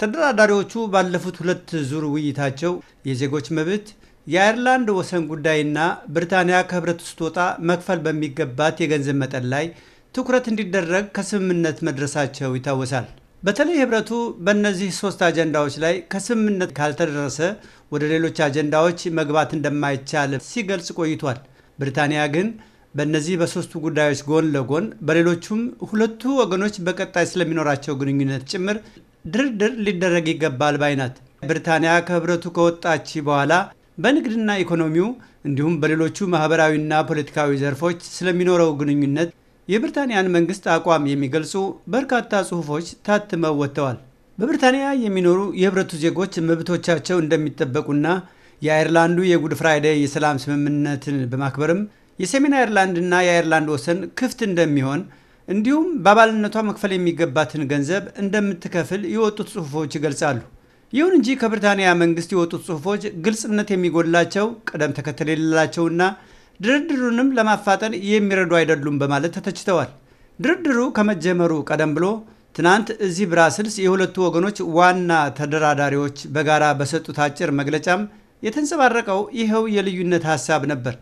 ተደራዳሪዎቹ ባለፉት ሁለት ዙር ውይይታቸው የዜጎች መብት፣ የአይርላንድ ወሰን ጉዳይና ብሪታንያ ከህብረት ስትወጣ መክፈል በሚገባት የገንዘብ መጠን ላይ ትኩረት እንዲደረግ ከስምምነት መድረሳቸው ይታወሳል። በተለይ ህብረቱ በእነዚህ ሶስት አጀንዳዎች ላይ ከስምምነት ካልተደረሰ ወደ ሌሎች አጀንዳዎች መግባት እንደማይቻል ሲገልጽ ቆይቷል። ብሪታንያ ግን በእነዚህ በሶስቱ ጉዳዮች ጎን ለጎን በሌሎቹም ሁለቱ ወገኖች በቀጣይ ስለሚኖራቸው ግንኙነት ጭምር ድርድር ሊደረግ ይገባል ባይ ናት። ብሪታንያ ከህብረቱ ከወጣች በኋላ በንግድና ኢኮኖሚው እንዲሁም በሌሎቹ ማህበራዊና ፖለቲካዊ ዘርፎች ስለሚኖረው ግንኙነት የብሪታንያን መንግስት አቋም የሚገልጹ በርካታ ጽሑፎች ታትመው ወጥተዋል። በብሪታንያ የሚኖሩ የህብረቱ ዜጎች መብቶቻቸው እንደሚጠበቁና የአይርላንዱ የጉድ ፍራይዴይ የሰላም ስምምነትን በማክበርም የሰሜን አይርላንድና የአይርላንድ ወሰን ክፍት እንደሚሆን እንዲሁም በአባልነቷ መክፈል የሚገባትን ገንዘብ እንደምትከፍል የወጡት ጽሁፎች ይገልጻሉ። ይሁን እንጂ ከብሪታንያ መንግስት የወጡት ጽሁፎች ግልጽነት የሚጎላቸው፣ ቅደም ተከተል የሌላቸውና ድርድሩንም ለማፋጠን የሚረዱ አይደሉም በማለት ተተችተዋል። ድርድሩ ከመጀመሩ ቀደም ብሎ ትናንት እዚህ ብራስልስ የሁለቱ ወገኖች ዋና ተደራዳሪዎች በጋራ በሰጡት አጭር መግለጫም የተንጸባረቀው ይኸው የልዩነት ሀሳብ ነበር።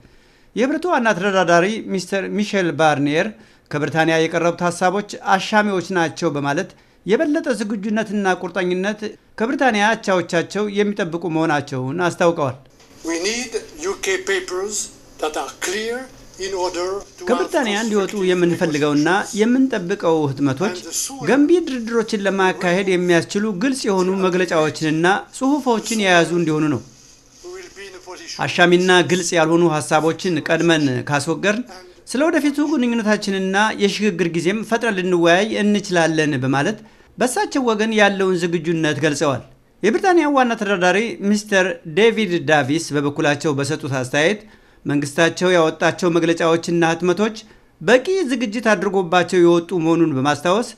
የህብረቱ ዋና ተደራዳሪ ሚስተር ሚሼል ባርኒየር ከብሪታንያ የቀረቡት ሀሳቦች አሻሚዎች ናቸው በማለት የበለጠ ዝግጁነትና ቁርጠኝነት ከብሪታንያ አቻዎቻቸው የሚጠብቁ መሆናቸውን አስታውቀዋል። ከብሪታንያ እንዲወጡ የምንፈልገውና የምንጠብቀው ህትመቶች ገንቢ ድርድሮችን ለማካሄድ የሚያስችሉ ግልጽ የሆኑ መግለጫዎችንና ጽሑፎችን የያዙ እንዲሆኑ ነው። አሻሚና ግልጽ ያልሆኑ ሀሳቦችን ቀድመን ካስወገርን ስለ ወደፊቱ ግንኙነታችንና የሽግግር ጊዜም ፈጥረን ልንወያይ እንችላለን በማለት በእሳቸው ወገን ያለውን ዝግጁነት ገልጸዋል። የብሪታንያ ዋና ተደራዳሪ ሚስተር ዴቪድ ዳቪስ በበኩላቸው በሰጡት አስተያየት መንግስታቸው ያወጣቸው መግለጫዎችና ህትመቶች በቂ ዝግጅት አድርጎባቸው የወጡ መሆኑን በማስታወስ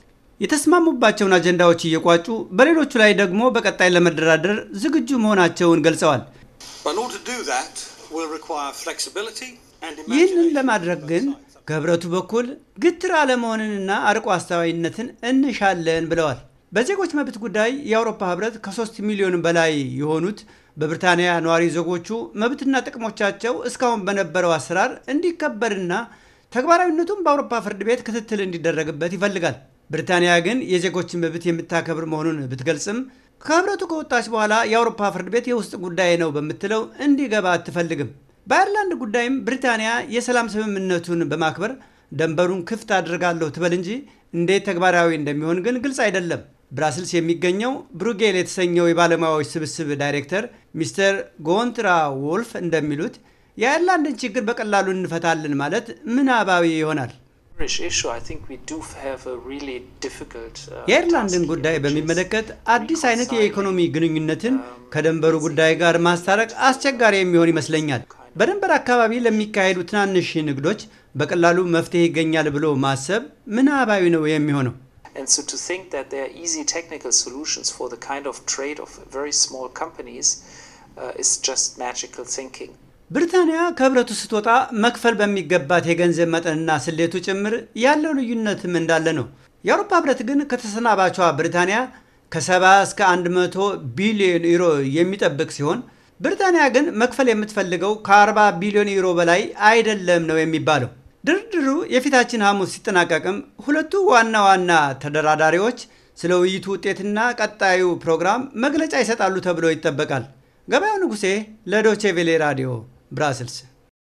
የተስማሙባቸውን አጀንዳዎች እየቋጩ በሌሎቹ ላይ ደግሞ በቀጣይ ለመደራደር ዝግጁ መሆናቸውን ገልጸዋል። ይህንን ለማድረግ ግን ከህብረቱ በኩል ግትር አለመሆንንና አርቆ አስተዋይነትን እንሻለን ብለዋል። በዜጎች መብት ጉዳይ የአውሮፓ ህብረት ከሶስት ሚሊዮን በላይ የሆኑት በብሪታንያ ነዋሪ ዜጎቹ መብትና ጥቅሞቻቸው እስካሁን በነበረው አሰራር እንዲከበርና ተግባራዊነቱም በአውሮፓ ፍርድ ቤት ክትትል እንዲደረግበት ይፈልጋል። ብሪታንያ ግን የዜጎችን መብት የምታከብር መሆኑን ብትገልጽም ከህብረቱ ከወጣች በኋላ የአውሮፓ ፍርድ ቤት የውስጥ ጉዳይ ነው በምትለው እንዲገባ አትፈልግም። በአይርላንድ ጉዳይም ብሪታንያ የሰላም ስምምነቱን በማክበር ደንበሩን ክፍት አድርጋለሁ ትበል እንጂ እንዴት ተግባራዊ እንደሚሆን ግን ግልጽ አይደለም። ብራስልስ የሚገኘው ብሩጌል የተሰኘው የባለሙያዎች ስብስብ ዳይሬክተር ሚስተር ጎንትራ ወልፍ እንደሚሉት የአይርላንድን ችግር በቀላሉ እንፈታለን ማለት ምናባዊ ይሆናል። የአይርላንድን ጉዳይ በሚመለከት አዲስ አይነት የኢኮኖሚ ግንኙነትን ከደንበሩ ጉዳይ ጋር ማስታረቅ አስቸጋሪ የሚሆን ይመስለኛል። በድንበር አካባቢ ለሚካሄዱ ትናንሽ ንግዶች በቀላሉ መፍትሄ ይገኛል ብሎ ማሰብ ምን አባዊ ነው የሚሆነው። ብሪታንያ ከህብረቱ ስትወጣ መክፈል በሚገባት የገንዘብ መጠንና ስሌቱ ጭምር ያለው ልዩነትም እንዳለ ነው። የአውሮፓ ህብረት ግን ከተሰናባቿ ብሪታንያ ከ70 እስከ 100 ቢሊዮን ዩሮ የሚጠብቅ ሲሆን ብሪታንያ ግን መክፈል የምትፈልገው ከ40 ቢሊዮን ዩሮ በላይ አይደለም ነው የሚባለው። ድርድሩ የፊታችን ሐሙስ ሲጠናቀቅም ሁለቱ ዋና ዋና ተደራዳሪዎች ስለ ውይይቱ ውጤትና ቀጣዩ ፕሮግራም መግለጫ ይሰጣሉ ተብሎ ይጠበቃል። ገበያው ንጉሴ ለዶቼ ቬሌ ራዲዮ ብራስልስ